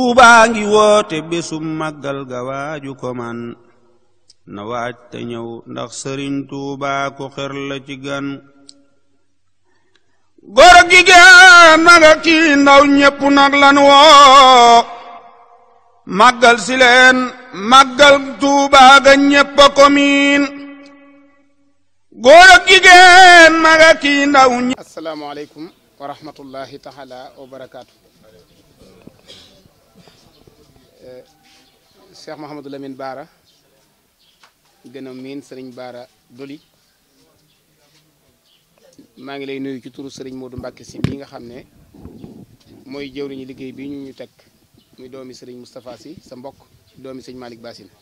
Tuubaa ngi woote bésum màggal ga waaju ko man na waaj te ñëw ndax sëriñ Tuubaa ku xër la ci naga kii ndaw nag lan woo màggal si leen màggal Tuubaa ga ñépp a naga kii ndaw ñépp asalaamaaleykum wa taala wa barakaatu Eh, Cheikh Mouhamadou Lamine Baara gën a miin sëriñ Baara Doli maa ngi lay nuyu ci turu sëriñ Modou Mbacke si mii nga xam ne mooy jëwriñu liggéey bi ñu ñu teg muy doomi sëriñ Moustapha si sa mbokk doomi sëriñ Malick Bassine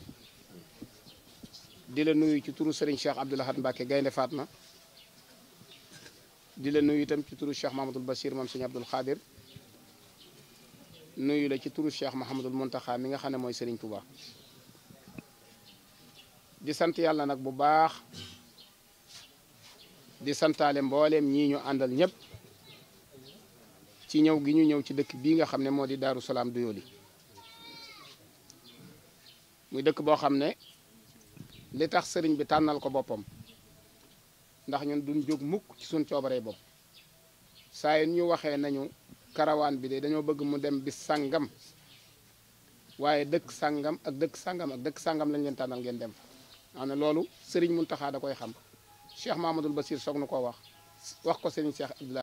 di la nuyu ci turu sëriñ Cheikh Abdou Lahad Mbacke Gaynde Fatma di la nuyu itam ci turu Cheikh Mahamadoul Bachir moom sëriñ Abdoul Khadir nuyu la ci turu Cheikh Mahamadul Muntaxa mi nga xam ne mooy Serigne Touba di sant yàlla nag bu baax di santaale mbooleem ñii ñu àndal ñëpp ci ñëw gi ñu ñëw ci dëkk bii nga xam ne moo di Daaru Salaam Doyoly muy dëkk boo xam ne li tax sëriñ bi tànnal ko boppam ndax ñun duñ jóg mukk ci suñ coobaree bopp saa yu ñu waxee nañu karawaan bi de dañoo bëgg mu dem bi sàngam waaye dëkk sàngam ak dëkk sàngam ak dëkk sàngam lañ leen tànnal ngeen dem fa loolu sëriñ loolu taxaa da koy xam Cheikh Mahamadoul Basir soog na koo wax wax ko Serigne Cheikh Abdoulaye